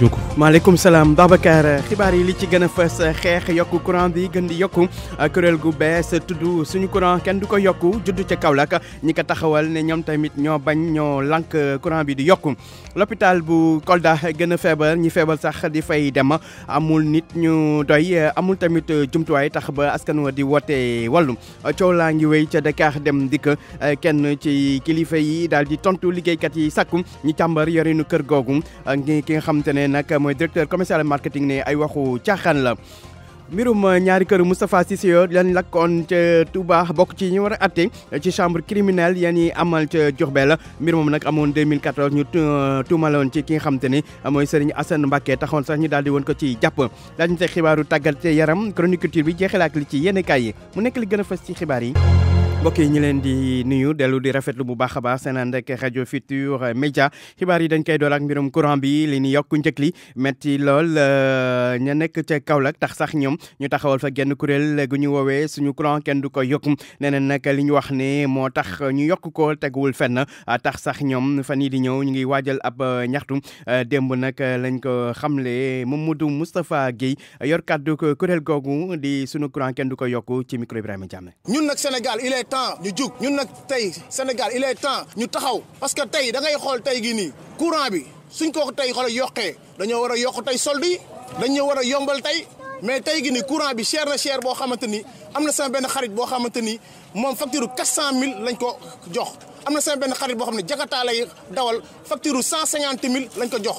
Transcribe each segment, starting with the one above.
yokku maaleykum salaam Babacar xibaar yi li ci gën a fës xeex yokku courant bi gën di yokku kuréel gu bees tudd suñu courant kenn du ko yokku judd ca Kaolack ñi ko taxawal ne ñoom tamit ñoo bañ ñoo courant bi di yokku l'hôpital bu Kolda gën a feebar ñi feebar sax di fay dem amul nit ñu doy amul tamit jumtuwaay tax ba askan wa di woote wàllu ngi wéy ca Dakar dem dikk kenn ci kilifa yi daal di tontu liggéeykat yi sàkku ñi càmbar yorinu kër googu ki nga xam te ne nag mooy directeur commercial marketing ne ay waxu caaxaan la. mbirum ñaari kër Moustapha Cissé lan lakkoon ca Touba bokk ci ñu war a atte ci chambre criminelle yan yi amal ca Diourbel mbir moom nag amoon 2014 ñu tuumaloon ci ki nga xam te ni mooy Serigne Assane Mbacké taxoon sax ñu daal di woon ko ci jàpp daañu teg xibaaru tàggat yaram chroniculture bi jeexal ak li ci yenn kaay yi mu nekk li gën a fës ci xibaar yi. mbokk yi ñu leen di nuyu dellu di rafetlu bu baax a baax seen ànd ak rajo Futur Média xibaar yi dañ koy door ak mbirum courant bi li ñu yokk njëkk li métti lool euh, ña nekk ca Kaolack tax sax ñoom ñu taxawal fa genn kuréel gu ñu woowee suñu courant kenn du ko yokk nee nag li ñu wax ne moo tax ñu yokk ko teguwul fenn euh, tax sax ñoom fan yii di ñëw ñu ngi waajal ab euh, ñaxtu démb nag lañ ko xamle Mamadou Moustapha Guèye yor kàddu kuréel googu di suñu courant du ko yokk ci micro Ibrahima Diame. temps ñu jug ñun sommes tey Sénégal il est temps ñu taxaw parce que tey da ngay xol tey gi courant bi suñ ko tay xol tey yombal mais tey gi ni courant bi cher na cher bo xamanteni amna sama ben xarit facture 400000 mille lañ ko jox amna sama ben xarit dawal facture cent mille lañ ko jox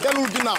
delul ginnaaw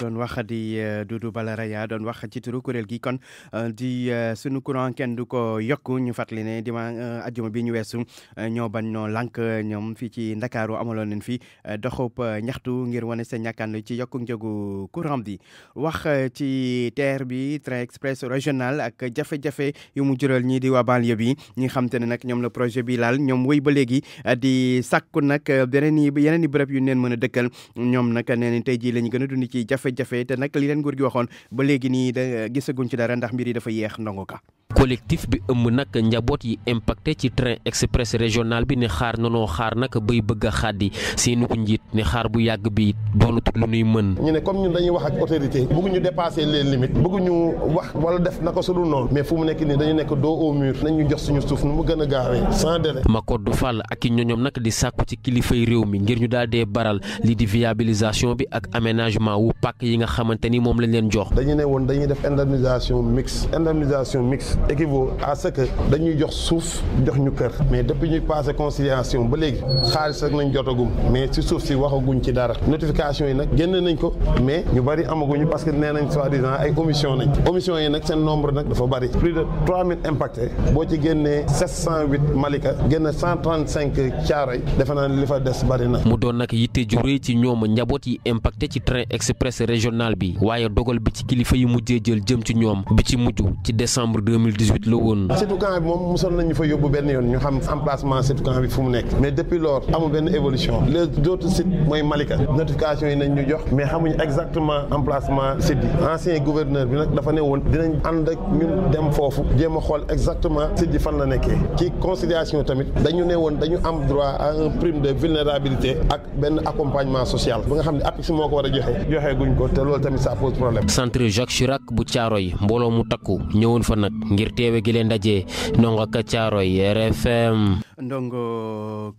doon wax di euh, Doudou Balaraya doon wax ci turu kuréel gi kon euh, di euh, sunu courant kenn du ko yokk ñu fàttali ne dima ajuma bi ñu weesu ñoo bañ ñoo lànk ñoom fii ci Ndakaaru amaloon nañ fi doxub ñaxtu ngir wane seen ñàkkaan ci yokk njëgu courant bi wax ci TER bi train express régional ak jafe-jafe yu mu jural ñii di waa banlieue bi ñi xam te ne nag ñoom la projet bi laal ñoom wéy ba léegi di sàkku nag beneen yi yeneen i bërëb yu neen mën a dëkkal ñoom nag nee ne tey jii la ñu gën a dund ci jafe-jafe te nag leen nguur gi waxoon ba léegi nii da gisaguñ ci dara ndax mbir yi dafa yeex ndongo ka collectif bi ëmb nag njaboot yi impacté ci train express régional bi ne xaar nanoo xaar nag bay bëgg a xaddi seeni ku njiit ni xaar bu yàgg bi doonatut lu nuy mën ñu ne comme ñun dañuy wax ak autorité bëgguñu leen les limites bëgguñu wax wala def na ko su dul noonu mais fu mu nekk nii dañu nekk dos au mur nañu jox suñu suuf nu mu gën a gaawee sans délai Makoddu Fall ak i ñoñom nag di sàkku ci kilifay réew mi ngir ñu daal dee baral li di viabilisation bi ak aménagement wu pàkk yi nga xamante ni moom lañ leen jox dañu ne woon dañuy def indemnisation mixte indemnisation mixte équivaut à ce que dañuy jox souf jox ñu kër mais depuis ñuy passé conciliation ba légui xaalis rek nañ jotagum mais ci souf ci waxaguñ ci dara notification yi nak genn nañ ko mais ñu bari amaguñu parce que nenañ nañ soi-disant ay omission nañ omission yi nak sen nombre nak dafa bari plus de 3000 impacté bo ci génnee 708 Malika genn 135 Thiaroye defe naa li fa des bari na. mu doon nak yitte ju rëy ci ñom njaboot yi impacté ci train express régional bi waye dogal bi ci kilifa yi mujjé jël jëm ci ñom bi ci mujj ci décembre 2000 2018 la woon. Ah, setu camp bi moom mosoon nañu fa yóbbu benn yoon ñu xam emplacement setu camp bi fu mu nekk mais depuis lors amul benn évolution les autres sites mooy Malika notification yi nañ jox mais xamuñu exactement emplacement site yi ancien gouverneur bi nag dafa ne woon dinañ ànd ak ñun dem foofu a xool exactement site fan la nekkee ci conciliation tamit dañu ne woon dañu am droit à un prime de vulnérabilité ak benn accompagnement social bu nga xam ne APIX moo ko war a joxe joxe guñ ko te loolu tamit ça pose problème. centre Jacques Chirac bu Thiaroye mbooloo mu takku ñëwoon fa nag. ngir teewe gi leen ndaje ndongo ka caaroy RFM ndongo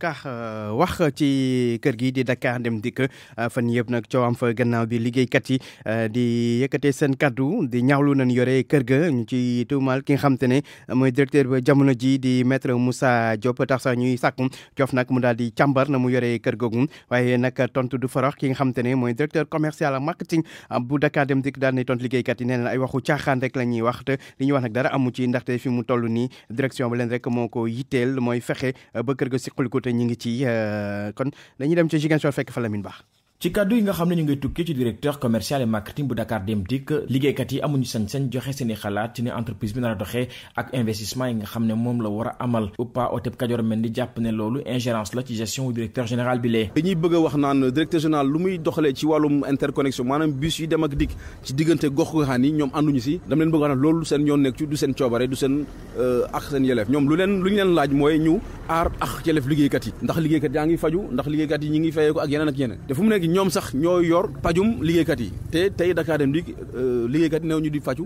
kax uh, wax ci kër gi di Dakar dem dik, uh, fan yëpp nag coow am fa gannaaw bi yi uh, di yëkkatee seen kaddu di ñaawlu nañ yore kër ga ñu ci tuumal ki nga xam te directeur ba jamono ji di maître Moussa Diop tax sax ñuy sàkku coof mu di chamber na mu yore kër googu tontudu nag tontu du farax ki nga xam directeur commercial marketing bu Dakar dem dikk daal di tontu liggéeykat yi nee na ay waxu caaxaan rek wax te li wax dara amu ci ndaxte fi mu toll nii direction ba leen rek moo ko yitteel mooy fexe ba kër ga siqaliko te ñu ngi ci euh, kon dañuy dem ci Ziguinchor fekk fa Lamine Ba ci kàddu yi nga xam ne ñu ngay tukkee ci directeur commercial et marketing bu Dakar Dem Dikk liggéeykat yi amuñu sañ-sañ joxe seeni xalaat ci ne entreprise bi nar a ak investissement yi nga xam ne la war a amal uppa oteb Kajoor mel ni jàpp ne loolu ingérence la ci gestion wu directeur général bi lee dañuy bëgg a wax naan directeur général lu muy doxalee ci wàllum interconnexion maanaam bus yi dem ak dikk ci diggante gox goxaan yi ñoom ànduñu si dama leen bëgg wax naan seen yoon nekk ci du seen coobare du seen euh, ak seen yelef ñoom lu leen lu ñu leen laaj mooy ñu aar ak yelef liggéeykat yi ndax liggéeykat yaa ngi faju ndax liggéeykat yi ñi ngi fayee ko ak yeneen ak yeneen ñoom sax ñoo yor pajum liggéeykat yi te tey Dakar Dem Dikk euh, liggéeykat new ñu di faju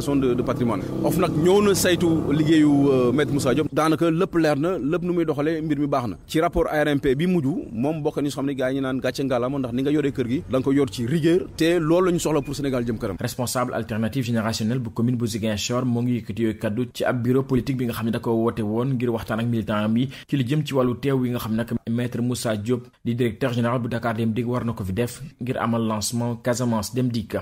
déclaration de patrimoine Of nak ñoo na saytu liggéeyu euh, maître Moussa Diop daanaka lépp leer na lépp nu muy doxalee mbir mi baax na ci rapport ARMP bi mujj moom bokk ni xam ne gars yi ñu naan gàcce ngalaama ndax ni nga yoree kër gi da nga ko yor ci rigueur te loolu la ñu soxla pour Sénégal jëm kanam responsable alternative générationnelle bu commune bu Ziguinchor moo ngi yëkkati yooyu kaddu ci ab bureau politique bi nga xam ne da ko woote woon ngir waxtaan ak militant yi ci li jëm ci wàllu teew yi nga xam nag maître Moussa Diop di directeur général bu Dakar Dem dig war na ko fi def ngir amal lancement Casamance Dem Dikk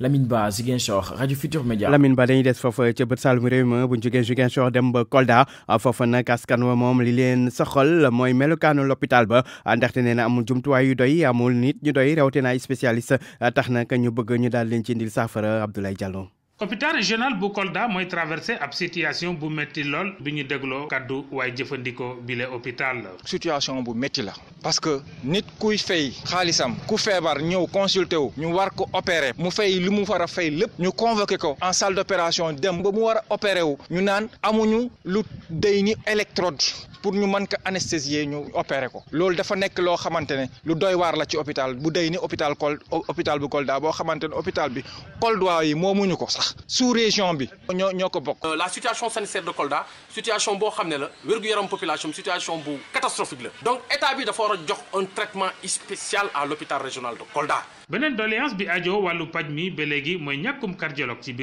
Lamine Ba Ziguinchor Radio Futur Média Lamine Ba dañuy des foofa ca eh, bët Saalum réew ma buñ eh, jógee Ziguinchor dem ba Kolda eh, foofa nag askan wa moom li leen soxal mooy melukaanu l'hôpital ba ndaxte nee na amul jumtuwaay yu doy amul nit ñu doy rawatina ay spécialiste tax na ñu bëgg ñu daal leen ci indil saafara Abdoulaye Diallo hôpital régional bu Kolda mooy traversé ab situation bu métti lool bi ñu dégloo kàddu waaye jëfandikoo bile hôpital situation bu métti la parce que nit kuy fay xaalisam ku feebar ñëw consulter wu ñu war ko opérer mu fay li mu war a fay lépp ñu convoqué ko en salle d'opération dem ba mu war a opérer wu ñu naan amuñu lu dey ni électrode pour ñu mën ko anesthésier ñu opérer ko loolu dafa nekk loo xamante ne lu doy waar la ci hôpital bu dey ni hôpital kol hôpital bu Kolda boo xamante ne hôpital bi Kolda yi moomuñu ko sax sous région euh, la situation sanitaire de Kolda situation bo la population situation catastrophique donc état bi dafa a un traitement spécial à l'hôpital régional de Kolda. benen doléance bi ajo walu paj mi ba léegi mooy ñàkkum cardiologue ci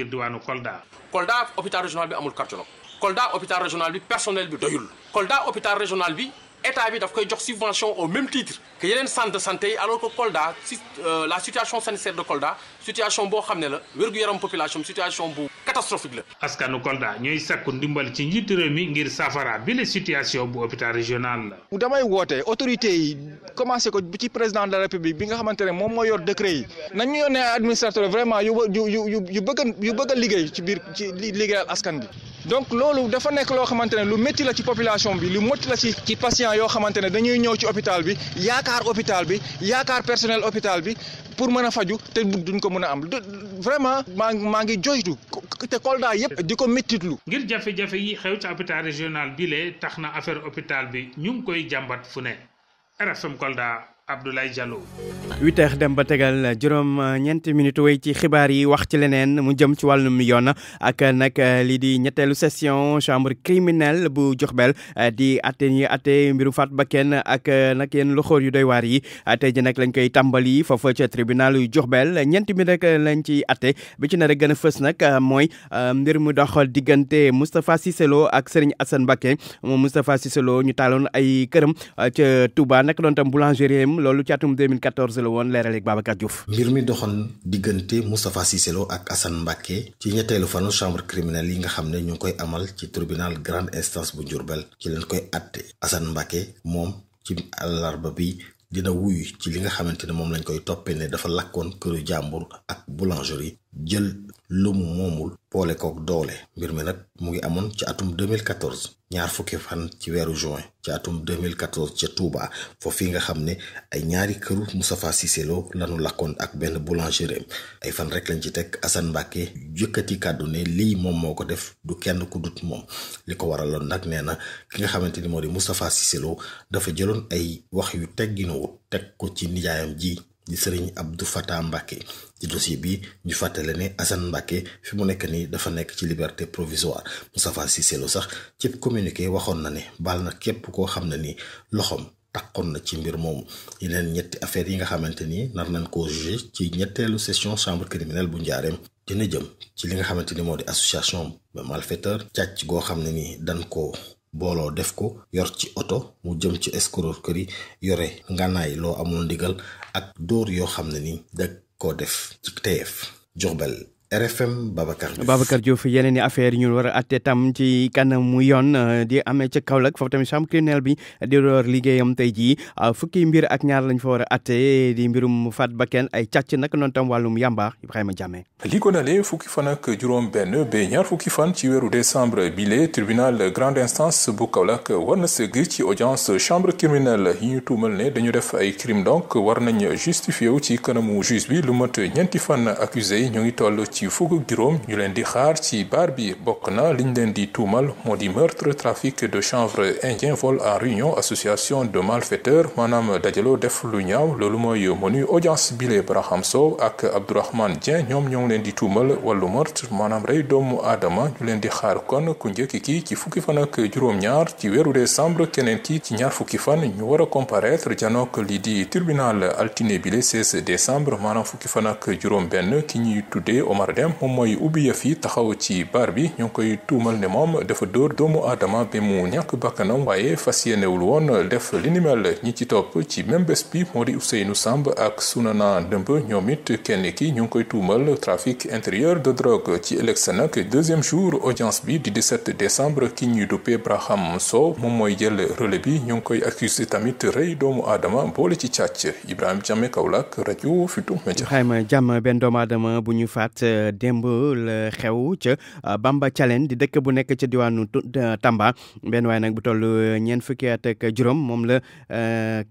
Kolda. Kolda hôpital régional bi amul cardiologue. Kolda hôpital régional bi personnel bi doyul. Kolda hôpital régional bi. état bi daf koy jox subvention au même titre que yeneen centre de santé alors que Kolda euh, la situation sanitaire de Kolda situation bo xamné la wergu yaram population situation bu catastrophique la. askanu Kolda ñooy sakku ndimbal ci njiitu réew mi ngir safara bi le situation bu hôpital régional la. bu damay woté autorité yi commencé ko ci président de la république bi nga xamante mom mo yor décret yi nañ ñu yone administrateur vraiment yu yu yu yu bëgg yu bëgg a liggéey ci biir ci liggéeyal askan bi. donc lolu dafa nek lo xamante lu metti la ci population bi lu metti la ci ci patient yo xamante dañuy ñëw ci hôpital bi yaakar hôpital bi yaakar personnel hôpital bi pour mëna faju té duñ ko mën a am vraiment maa maa ngi joytu te Kolda yëpp di ko méttitlu ngir jafe-jafe yi xew ci hôpital régional bi lee tax na affaire hôpital bi ñu ngi koy jàmbat fu ne RFM Kolda Abdoulaye Diallo. 8h dem ba tegal juróom euh, ñeenti minutes way ci xibaar yi wax ci leneen mu jëm ci wàllum yoon ak nag euh, lii di ñetteelu session chambre criminelle bu Diourbel euh, di atte ñi atte mbiru faat bakken ak nag yéen loxoor yu doy waar yi tey ji nag lañ koy tàmbali foofu ca tribunal yu Diourbel ñeenti mi rek lañ ci atte bi ci nar a gën a fës nag mooy mbir mu dox diggante Moustapha Cissé Lo ak Serigne Assane Mbacké moom Moustapha Cissé ñu taaloon ay këram ca Touba nag loolu ci atum 2014 la woon leeral ak Babacar Diouf. mbir mi doxoon diggante Moustapha Cissé Lo ak Assane Mbacké ci ñetteelu fanu chambre criminelle yi nga xam ne ñoo ngi koy amal ci tribunal grande instance bu Diourbel ci leen koy àtte assan Mbacké moom ci àllarba bi. dina wuyu ci li nga xamante ne moom lañ koy toppee ne dafa lakkoon këru jàmbur ak boulangerie jël lu mu moomul boole kook doole mbir mi nag mu ngi amoon ci atum 2014 ñaar fukki fan ci weeru juin ci atum 2014 ca foofu foofii nga xam ne ay ñaari këru Moustapha Cissé Lo lanu lakkoon ak benn boulangerie ay fan rek lañ ci teg Assane Mbacke yëkkati kàddu ne lii moom moo ko def du kenn ku dut moom li ko waraloon nag nee na ki nga xamante ni moo di Moustapha Cissé Lo dafa jëloon ay wax yu tegginuwut teg ko ci nijaayam ji di serigne Abdou Fatah Mbacke di dossier bi ñu fàttale ne Assane Mbacke fi mu nek ni dafa ci liberté provisoire Moustapha Cissé Lo sax ci communiqué waxon na ne bal na képp ko xamna ni loxom takkon na ci mbir mom yeneen ñetti affaire yi nga xamanteni nar nañ ko jugé ci session chambre criminelle bu njaareem dina jëm ci li nga ni association malfaiteur càcc goo xam ni dañ ko bolo def ko yor ci auto mu jëm ci escroquerie yore nganaay lo amul ak dóor yoo xam ne ni da ko def ci teef Diourbel RFM Babacar Diouf Babacar Diouf affaire yi ñu war a atte tam ci mu yoon euh, di amé ci Kaolack foofu tamit chambre criminelle bi di door ligéyam tay ji euh, fukki mbir ak ñaar lañ fa wara atté di mbirum Fat bakken ay càcc nak non tam walum yàmba Ibrahima Diamé. li ko dalee fukki fan ak juroom ben ba ñaar fukki fan ci wéru décembre lé tribunal grande instance bu Kaolack war na sëgg ci audience chambre criminelle yi ñu tumal né dañu def ay crime donc war nañ justifié wu ci kanamu juge bi lu mat ñenti fan accusé ñu ngi tollu ci ci fukk ak juróom ñu leen di xaar ci baar bokk na liñ di meurtre trafic de chanvre indien vol en réunion association de malfaiteurs maanaam dajaloo def lu ñaaw loolu mooy menu audience bile Braham ak Abdourahmane Dieng ñoom ñoo leen di tuumal wàllu meurtre maanaam rey doomu ñu di xaar kon ku ki ci fukki fan ak juróom-ñaar ci weeru décembre keneen ki ci ñaar ñu comparaître janook lii di tribunal altiné bile 16 décembre maanaam fukki fan Ben, juróom-benn ki Omar dem moom mooy ubbi yëf yi taxaw ci bar bi ñu ngi koy tuumal ne moom dafa dóor doomu aadama bi mu ñàkk bakkanam waaye fas yéenewul woon def li ni mel ñi ci topp ci même bés bi moo di Ousseynou Samb ak Sounana Ndëmb ñoom it kenn ki ñu ngi koy tuumal trafic intérieur de drogue ci élection nag deuxième jour audience bi di 17 décembre ki ñuy duppee Braham Sow moom mooy jël relais bi ñu ngi koy accusé tamit rey doomu aadama boole ci càcc Ibrahima Jame Kaolack démb la xew ca euh, Bamba Thialène di dëkk bu nekk ca diwaanu euh, Tamba benn waaye nag bu toll euh, ñeent fukki at juróom moom la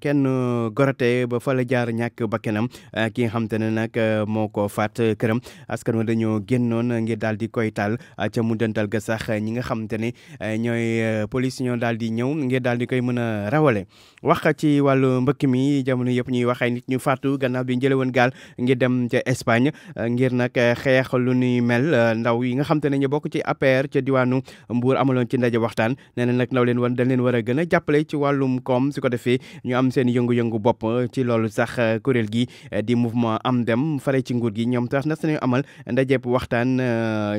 kenn gorote ba fa la jaar ñàkk bakkanam ki nga xam ne nag moo ko faat këram askan wa dañoo génnoon ngir daal di koy taal ca mu dental ga sax ñi nga xam te ne ñooy police ñoo daal di ñëw ngir daal di koy mën a rawale wax ci wàllu mbëkk mi jamono yëpp ñuy wax ay nit ñu faatu gannaaw bi njële woon gaal ngir dem ca Espagne ngir nag xeex lu ni mel eh, ndaw yi nga xam te ne ñu bokk ci APR ca diwaanu Mbour amaloon ci ndaje waxtaan nee na nag ndaw leen wan dañ leen war a gën ci wàllum koom su ko defee ñu am seen yëngu-yëngu bopp eh, ci loolu sax eh, kuréel gi di mouvement am dem fare ci nguur gi ñoom tax nas nañu amal ndajeeb waxtaan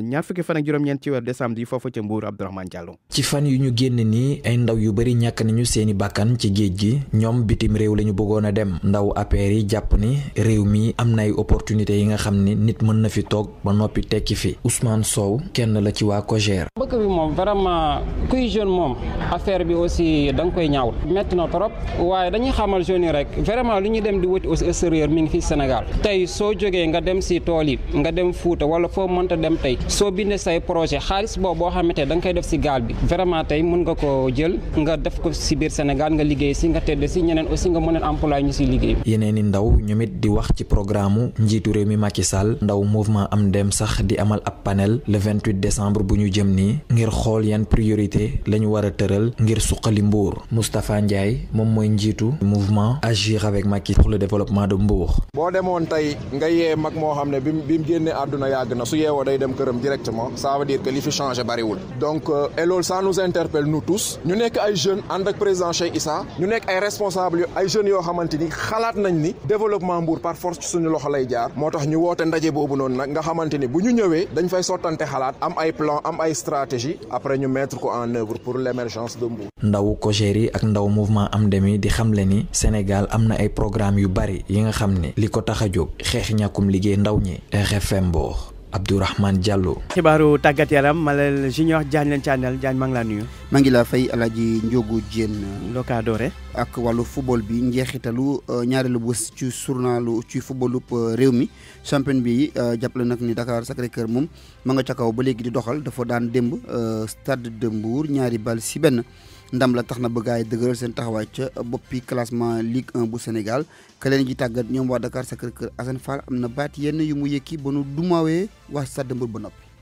ñaar fukki fan ak juróom-ñeent ci weer décembre yi foofu ca Mbour Abdourahmane Diallo ci fan yu ñu génn nii ay ndaw yu bari ñàkk nañu seeni bàkkan ci géej gi ñoom bitim réew lañu bëggoon dem ndaw APR yi jàpp ni réew mi am na opportunité yi nga xam nit mën fi toog toog ba noppi tekki fi Ousmane Sow kenn la ci waa Kogère. bëgg bi moom vraiment kuy jeune moom affaire bi aussi da nga koy ñaawul métti na trop waaye dañuy xamal jeunes yi rek vraiment lu ñuy dem di wuti aussi extérieur mi ngi fi Sénégal tey soo jógee nga dem si tool yi nga dem Fuuta wala foo mënta dem tey soo bindee say projet xaalis boobu boo xamante ne da nga koy def si gaal bi vraiment tey mën nga ko jël nga def ko si biir Sénégal nga liggéey si nga tedd si ñeneen aussi nga mën a employé ñu si liggéey. yeneen i ndaw ñoom di wax ci programme njiitu réew mi Macky Sall ndaw mouvement am dem sax di amal ab panel le 28 décembre bu ñu jëm ni ngir xol yan priorité lañu wara a ngir suqali Mbour Moustapha Ndiaye mom moy njitu mouvement agir avec Macky pour le développement de Mbour. bo demone tay nga yee mak mo xamné ne bi bi mu génnee na su yeewoo day dem kërëm directement ça veut dire que li fi changé wul donc euh, et ça nous interpelle nous tous ñu nek ay jeunes and ak président Cheikh Issa ñu nek ay responsables ay jeunes yo xamanteni ni xalaat nañ ni développement Mbour par force ci suñu loxo lay jaar motax ñu woote ndaje boobu noonu nag xamante ni bu ñu ñëwee dañ fay sottante xalaat am ay plan am ay stratégie après ñu mettre en œuvre pour l'émergence de Mbour. ndaw ak ndaw mouvement Amdemi di xamle ni Sénégal am ay programme yu bari yi nga xam li ko tax Abdourahmane Diallo xibaaru tàggat yaram Malal Junior Diagne leen ci àndal Diagne maa ngi laa nuyu maa ngi fay Alaaji Njogu Jeen loo kaa ak wàllu football bi njeexitalu euh, ñaareelu bés ci journalu ci footballu euh, mi champion bi euh, ni Dakar Sacré-Cœur moom ma nga ca kaw ba léegi di doxal dafa daan Stade de Mbour ñaari bal si ndam la tax na bëggaay wajah seen taxawaay ca boppi classement Ligue 1 bu Sénégal ka leen ji tàggat ñoom waa Dakar Sacré-Cœur Assane Fall am na baat yenn yu mu yëkki ba nu ba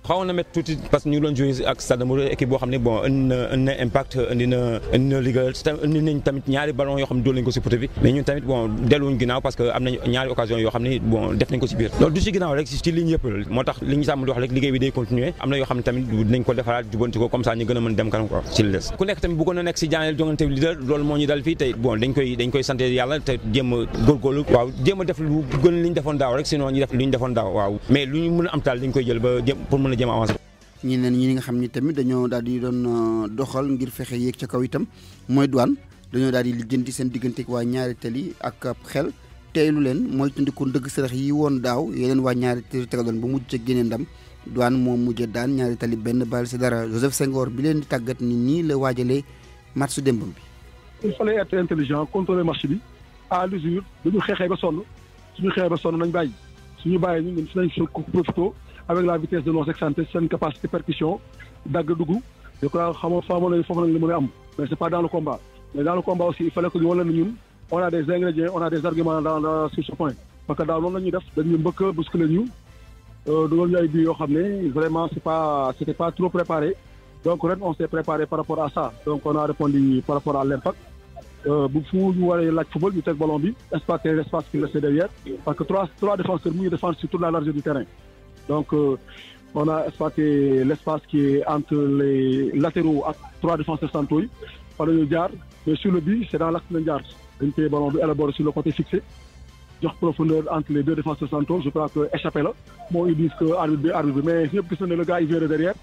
xawoon na métti tuuti parce que ñu ngi doon joué ak Stade Mbour équipe boo xam ne bon un un impact indi na indi na liga indi nañ tamit ñaari ballon yoo xam ne dóor ko si poteau bi mais ñun tamit bon delluwuñ ginnaaw parce que am nañ ñaari occasion yoo xam ne bon def nañ ko si biir loolu du si ginnaaw rek ci ligne yëpp la moo tax li ñu sàmm di wax rek liggéey bi day continuer am na yoo xam ne tamit dinañ ko defaraat jubanti ko comme ça ñu gën a mën dem kanam quoi ci les. ku nekk tamit bëggoon na nekk si jaaneel jongante bi leader loolu moo ñu dal fii tey bon dañ koy dañ koy santé yàlla te jéem a góorgóorlu waaw jéem a def lu gën liñ ñu defoon daaw rek sinon ñu def li ñu defoon daaw waaw mais lu ñu mën a am taal dañ koy jël ba pour mën a jëm avancer. ñi neen ñi nga xam ni tamit dañoo daal di doon euh, doxal ngir fexe yéeg ca kaw itam mooy douane dañoo daal di lijjanti seen digganteeg waa ñaari tali ak xel teelu leen mooy tundiku ndëgg sërëx yi woon daaw yeneen waa ñaari tali tegaloon ba mujj ca génne ndam douane moom mujjee daan ñaari tali benn bal si dara Joseph Senghor bi leen di tàggat ni nii la waajalee match su démbam bi. il fallait être intelligent contrôler marché bi à l'usure dañu xeexee ba sonn suñu xeexee ba sonn nañ bàyyi avec la vitesse de nos excentres une capacité de percussion dagg je crois que la mais c'est pas dans le combat mais dans le combat aussi il fallait que nous ayons on a des ingrédients on a des arguments dans sur ce point parce que dans le la nous avons dañuy mbëkk bousculer ñu Nous euh, avons vraiment c'est pas c'était pas trop préparé donc on s'est préparé par rapport à ça donc on a répondu par rapport à l'impact euh, bu fu la waree laaj football du le ballon bi espace espace qui restait derrière parce que trois trois défenseurs mu défense sur toute la largeur du terrain donc, euh, on a exploité l'espace qui est entre les latéraux à trois défenseurs centraux par le Diar. Mais sur le but, c'est dans l'axe de Diar. Une pied ballon élaboré sur le côté fixé. jox profondeur entre les deux défenseurs centraux je crois que échappé Bon, ils disent que arbitre arrive, arbitre mais ñëpp gis nañ le gars il vient de derrière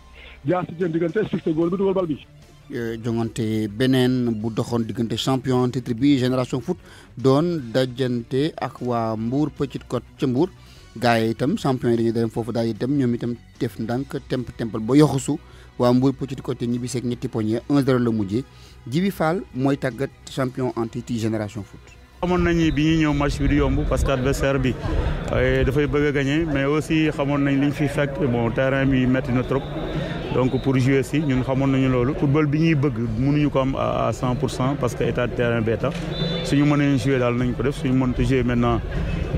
jaar c'est seen diggante fixé góol bi dugal bal bi. Euh, jongante beneen bu doxoon diggante champion titre bi génération foot doon dajante ak waa Mbour Petite Côte ca Mbour gaay itam champion dañu dañuy dem foofu daal itam ñom itam def ndank temp tempal ba yoxusu waa Mbour Petite Côte ñibbi sek ñetti poñe 1-0 la mujjé Djibi Fall moy tagat champion en titre génération foot. xamoon nañu bi ñuy ñew match bi du yomb parce que adversaire bi da fay bëgg gagner mais aussi xamone nañ liñ fi fekk bon terrain bi metti na trop donc pour jouer si ñun xamone nañu lolu football bi ñi bëgg mënuñu ko am à 100 parce que état de terrain bee tax suñu mënee jouer dal nañ ko def suñu mënta jouer maintenant.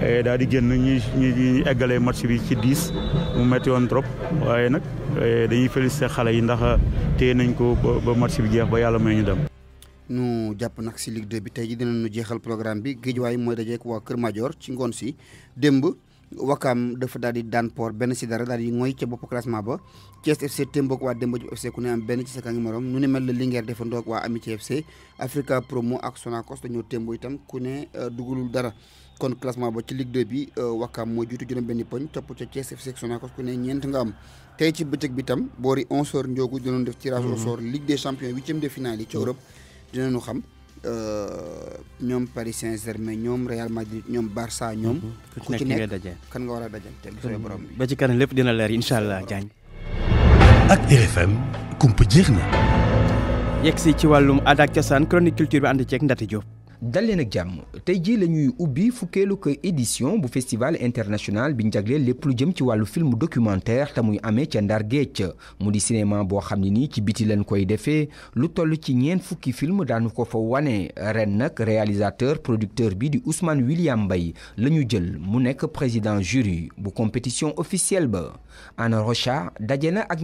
Eh, daal di génn ñi ñi eggalee match bi ci 10 mu metti woon trop waaye nag eh, dañuy félicité xale yi ndax eh, téye nañ ko ba match bi jeex ba yàlla may ñu dem nu jàpp nag si Ligue 2 bi tey ji dinañu jeexal programme bi Guédiawaye mooy dajeek waa Kër Madior ci ngoon si démb wakam dafa daal di daan port benn si dara daal di mooy ca bopp classement ba Thiès FC témboog waa Demba Diop FC ku ne am benn ci sa morom nu ne mel la Linguère defandoo ak waa Amitié FC Africa Promo ak Sonacos dañoo témbo itam ku ne dugalul dara kon classement ba ci Ligue 2 bi euh, Wakaam moo jiitu juróom-benni poñ topp ca Thiès FC Sonacos ku ne ñeent nga am tey ci bëccëg bi tam boori 11h njoogu dinoon def tirage au mhm. sort Ligue des champions huitième de finale yi ci mhm. Europe dinañu xam euh, ñoom Paris Saint-Germain ñoom Real Madrid ñoom Barça ñoom. Mhm. ku ci nekk kan nga war a te bu ba ci kanam lépp dina leer incha allah Diagne. ak RFM kumpa jeex na. yegg si ci wàllum aada ak cosaan chronique culture bi ànd ceeg Ndati dalena Jam, ak jàmm ubi jii édition bu festival international biñ le plus lu jëm ci film documentaire tamuy amé ci Ndar Géej mu di cinéma bo xamni ni ci biti lañ koy lu ci fukki film daanu ko fa wane ren réalisateur producteur bi du Ousmane William Bay lañu jël mu président jury bu compétition officielle ba Anna Rocha Dajena ak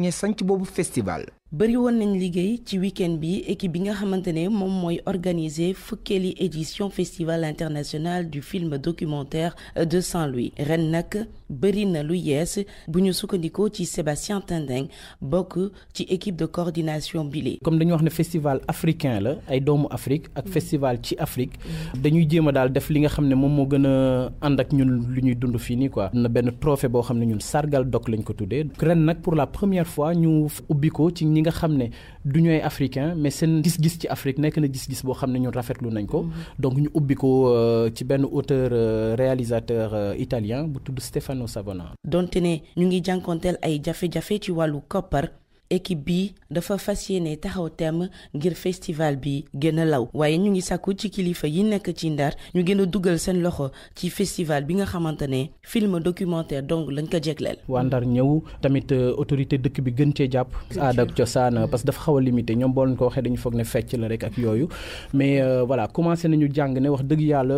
festival bari won nañ liggéey ci week-end bi équipe bi nga xamante ne moom mooy organiser fukkeeli édition festival international du film documentaire de Saint-Louis ren nag bari na lu yees bu ñu sukkandikoo ci Sébastien Tendeng bokk ci équipe de coordination bile. comme dañu wax ne festival africain la ay doomu Afrique ak festival ci Afrique dañuy jéem a daal def li nga xam ne moom moo gën a ànd ak ñun lu ñuy dund fii nii quoi. na benn trophée boo xam ne ñun sargal dok lañ ko tuddee ren nag pour la première fois ñu ubbi ko ci. ñi nga xam ne du ñooy africain mais seen gis-gis ci Afrique nekk na gis-gis boo xam ne ñun rafetlu nañ ko. Mm-hmm. donc ñu ubbi ko euh, ci benn auteur euh, réalisateur euh, italien bu tudd Stefano Savona. donte ne ñu ngi jànkonteel ay jafe-jafe ci wàllu koppar. équipe bi dafa fas yéene taxaw tem ngir festival bi gën a law waaye ñu ngi sàkku ci kilifa yi nekk ci ndar ñu gën a dugal seen loxo ci festival bi nga xamante ne film documentaire donc lañ ko jegleel waa ndar ñëw tamit euh, autorité dëkk bi gën cee jàpp aada ak cosaan euh, parce que dafa xaw a ñoom bool ko waxee dañu foog ne fecc la rek ak yooyu mais euh, voilà commencé nañu jàng ne wax dëgg yàlla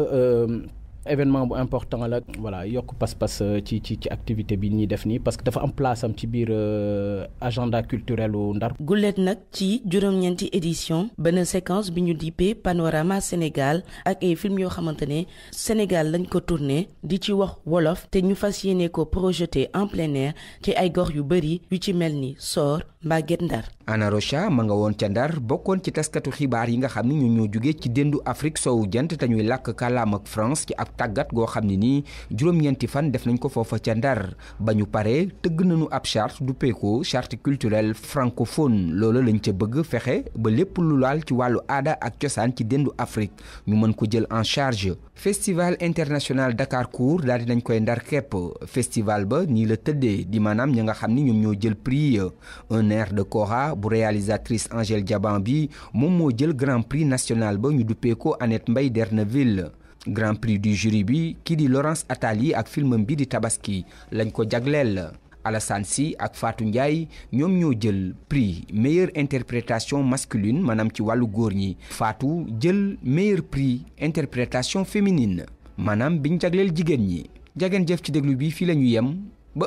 événement bu important la voilà yok passe passe euh, ci ci ci activité bi ñi def ni parce que dafa am place am ci biir euh, agenda culturel u Ndar gulet nak ci une ñenti édition benn séquence bi ñu dipé panorama Sénégal ak ay film yo xamantene Sénégal lañ ko tourner di ci wax wolof té ñu fasiyéné ko projeté en plein air ci ay gox yu bëri yu ci melni Sor Mbaget Ndar Ana Rocha ma nga won ci Ndar bokkoon ci taskatu xibaar yi nga xamni ne ñu ñoo ci dendu Afrique soowu jant te ñuy lak kàllaam ak France ci tàggat goo xam ne nii juróom fan def nañ ko foofa ca ndar ba ñu paree tëgg nañu ab charte duppeekoo peeko charte culturelle francophone loolu lañu ca bëgg fexe ba lépp lu laal ci wàllu aada ak cosaan ci dendu Afrique ñu mën ko jël en charge festival international Dakar Court daal dinañ koy ndar képp festival ba nii la tëddee di maanaam ña nga xam ni ñoom ñoo jël prix un air de Kora bu réalisatrice Angèle jaban bi moom moo jël grand prix national ba ñu duppeekoo ko Annette Mbaye d'Erneville grand prix du jury bi dit Laurence Attali ak film bi tabaski lañ ko jagleel Alassane Sy ak Fatou Ndiaye ñom ñoo prix meilleure interprétation masculine manam ci walu goor ñi Fatou jël meilleur prix interprétation féminine Madame biñ jagleel jigéen ñi jageen jëf ci déglu bi ba